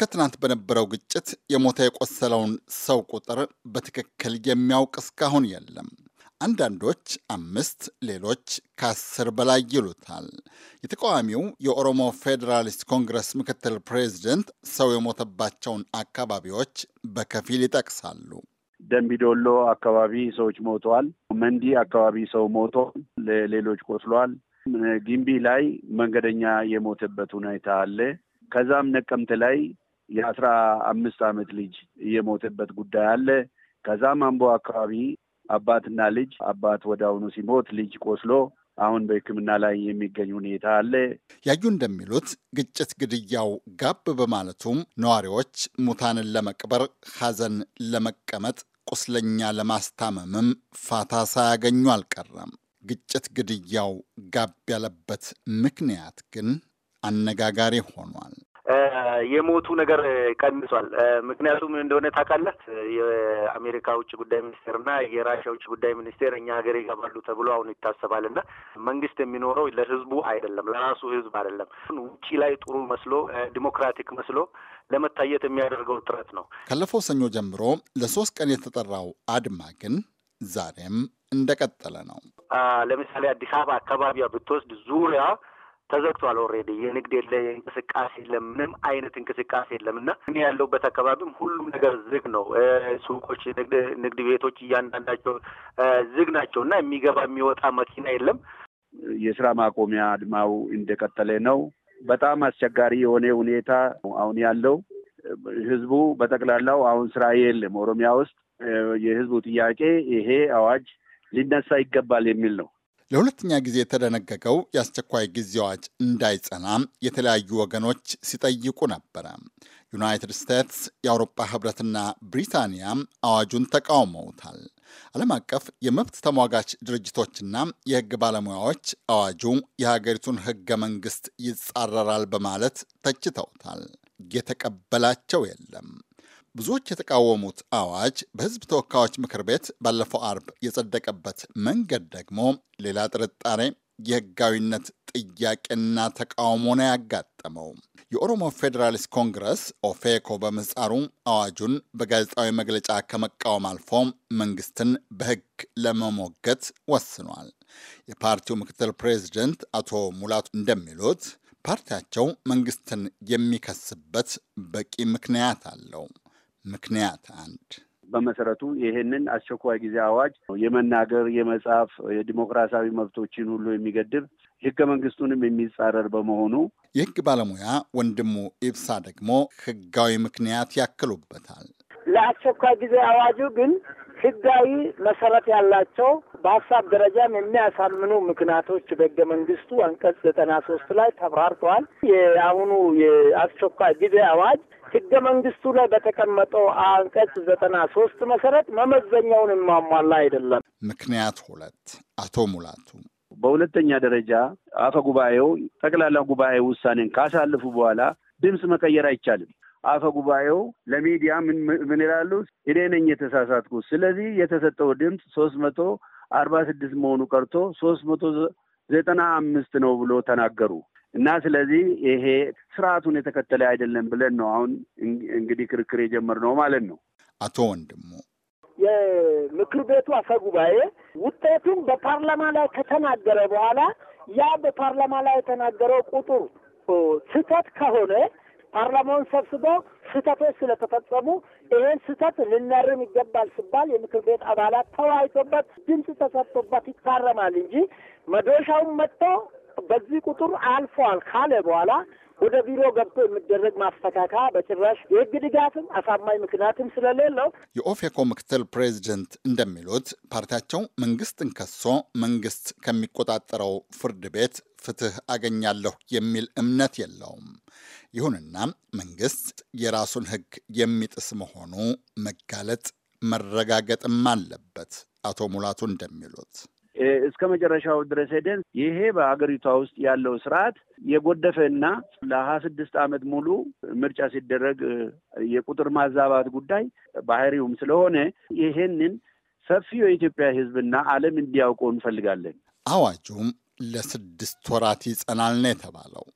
እስከ ትናንት በነበረው ግጭት የሞተ የቆሰለውን ሰው ቁጥር በትክክል የሚያውቅ እስካሁን የለም። አንዳንዶች አምስት ሌሎች ከአስር በላይ ይሉታል። የተቃዋሚው የኦሮሞ ፌዴራሊስት ኮንግረስ ምክትል ፕሬዚደንት ሰው የሞተባቸውን አካባቢዎች በከፊል ይጠቅሳሉ። ደምቢዶሎ አካባቢ ሰዎች ሞተዋል። መንዲ አካባቢ ሰው ሞቷል፣ ሌሎች ቆስሏል። ግንቢ ላይ መንገደኛ የሞተበት ሁኔታ አለ። ከዛም ነቀምት ላይ የአስራ አምስት ዓመት ልጅ እየሞተበት ጉዳይ አለ። ከዛም አምቦ አካባቢ አባትና ልጅ አባት ወደ አሁኑ ሲሞት ልጅ ቆስሎ አሁን በሕክምና ላይ የሚገኝ ሁኔታ አለ። ያዩ እንደሚሉት ግጭት ግድያው ጋብ በማለቱም ነዋሪዎች ሙታንን ለመቅበር፣ ሐዘን ለመቀመጥ፣ ቁስለኛ ለማስታመምም ፋታ ሳያገኙ አልቀረም። ግጭት ግድያው ጋብ ያለበት ምክንያት ግን አነጋጋሪ ሆኗል። የሞቱ ነገር ቀንሷል። ምክንያቱም እንደሆነ ታውቃለህ፣ የአሜሪካ ውጭ ጉዳይ ሚኒስቴርና የራሻ ውጭ ጉዳይ ሚኒስቴር እኛ ሀገር ይገባሉ ተብሎ አሁን ይታሰባልና መንግስት የሚኖረው ለህዝቡ አይደለም፣ ለራሱ ህዝብ አይደለም። ውጪ ላይ ጥሩ መስሎ ዲሞክራቲክ መስሎ ለመታየት የሚያደርገው ጥረት ነው። ካለፈው ሰኞ ጀምሮ ለሶስት ቀን የተጠራው አድማ ግን ዛሬም እንደቀጠለ ነው። ለምሳሌ አዲስ አበባ አካባቢያ ብትወስድ ዙሪያ ተዘግቷል። ኦልሬዲ የንግድ የለ፣ የእንቅስቃሴ የለም፣ ምንም አይነት እንቅስቃሴ የለም እና እኔ ያለሁበት አካባቢም ሁሉም ነገር ዝግ ነው። ሱቆች፣ ንግድ ቤቶች እያንዳንዳቸው ዝግ ናቸው እና የሚገባ የሚወጣ መኪና የለም። የስራ ማቆሚያ አድማው እንደቀጠለ ነው። በጣም አስቸጋሪ የሆነ ሁኔታ አሁን ያለው ህዝቡ በጠቅላላው አሁን ስራ የለም። ኦሮሚያ ውስጥ የህዝቡ ጥያቄ ይሄ አዋጅ ሊነሳ ይገባል የሚል ነው። ለሁለተኛ ጊዜ የተደነገገው የአስቸኳይ ጊዜ አዋጅ እንዳይጸና የተለያዩ ወገኖች ሲጠይቁ ነበረ። ዩናይትድ ስቴትስ፣ የአውሮፓ ህብረትና ብሪታንያ አዋጁን ተቃውመውታል። ዓለም አቀፍ የመብት ተሟጋች ድርጅቶችና የህግ ባለሙያዎች አዋጁ የሀገሪቱን ህገ መንግስት ይጻረራል በማለት ተችተውታል። የተቀበላቸው የለም። ብዙዎች የተቃወሙት አዋጅ በሕዝብ ተወካዮች ምክር ቤት ባለፈው አርብ የጸደቀበት መንገድ ደግሞ ሌላ ጥርጣሬ የሕጋዊነት ጥያቄና ተቃውሞ ነው ያጋጠመው። የኦሮሞ ፌዴራሊስት ኮንግረስ ኦፌኮ በምህጻሩ አዋጁን በጋዜጣዊ መግለጫ ከመቃወም አልፎ መንግስትን በህግ ለመሞገት ወስኗል። የፓርቲው ምክትል ፕሬዚደንት አቶ ሙላቱ እንደሚሉት ፓርቲያቸው መንግስትን የሚከስበት በቂ ምክንያት አለው። ምክንያት አንድ በመሰረቱ ይሄንን አስቸኳይ ጊዜ አዋጅ የመናገር፣ የመጻፍ፣ የዲሞክራሲያዊ መብቶችን ሁሉ የሚገድብ ህገ መንግስቱንም የሚጻረር በመሆኑ የህግ ባለሙያ ወንድሙ ኢብሳ ደግሞ ህጋዊ ምክንያት ያክሉበታል። ለአስቸኳይ ጊዜ አዋጁ ግን ህጋዊ መሰረት ያላቸው በሀሳብ ደረጃም የሚያሳምኑ ምክንያቶች በህገ መንግስቱ አንቀጽ ዘጠና ሶስት ላይ ተብራርተዋል። የአሁኑ የአስቸኳይ ጊዜ አዋጅ ህገ መንግስቱ ላይ በተቀመጠው አንቀጽ ዘጠና ሶስት መሰረት መመዘኛውን የማሟላ አይደለም። ምክንያት ሁለት አቶ ሙላቱ በሁለተኛ ደረጃ አፈ ጉባኤው ጠቅላላ ጉባኤ ውሳኔን ካሳለፉ በኋላ ድምፅ መቀየር አይቻልም። አፈ ጉባኤው ለሚዲያ ምን ይላሉ? እኔ ነኝ የተሳሳትኩ፣ ስለዚህ የተሰጠው ድምፅ ሶስት መቶ አርባ ስድስት መሆኑ ቀርቶ ሶስት መቶ ዘጠና አምስት ነው ብሎ ተናገሩ። እና ስለዚህ ይሄ ስርዓቱን የተከተለ አይደለም ብለን ነው አሁን እንግዲህ ክርክር የጀመርነው ማለት ነው። አቶ ወንድሙ የምክር ቤቱ አፈ ጉባኤ ውጤቱን በፓርላማ ላይ ከተናገረ በኋላ ያ በፓርላማ ላይ የተናገረው ቁጥር ስህተት ከሆነ ፓርላማውን ሰብስበው ስህተቶች ስለተፈጸሙ ይህን ስህተት ልናርም ይገባል ሲባል የምክር ቤት አባላት ተወያይቶበት ድምፅ ተሰጥቶበት ይታረማል እንጂ መዶሻውን መጥቶ በዚህ ቁጥር አልፏል ካለ በኋላ ወደ ቢሮ ገብቶ የሚደረግ ማስተካከያ በጭራሽ የህግ ድጋፍም አሳማኝ ምክንያትም ስለሌለው የኦፌኮ ምክትል ፕሬዚደንት እንደሚሉት ፓርቲያቸው መንግስትን ከሶ መንግስት ከሚቆጣጠረው ፍርድ ቤት ፍትህ አገኛለሁ የሚል እምነት የለውም። ይሁንና መንግስት የራሱን ህግ የሚጥስ መሆኑ መጋለጥ መረጋገጥም አለበት። አቶ ሙላቱ እንደሚሉት እስከ መጨረሻው ድረስ ሄደን ይሄ በአገሪቷ ውስጥ ያለው ስርዓት የጎደፈ እና ለሀያ ስድስት ዓመት ሙሉ ምርጫ ሲደረግ የቁጥር ማዛባት ጉዳይ ባህሪውም ስለሆነ ይሄንን ሰፊው የኢትዮጵያ ሕዝብና ዓለም እንዲያውቀው እንፈልጋለን። አዋጁም ለስድስት ወራት ይጸናል ነው የተባለው።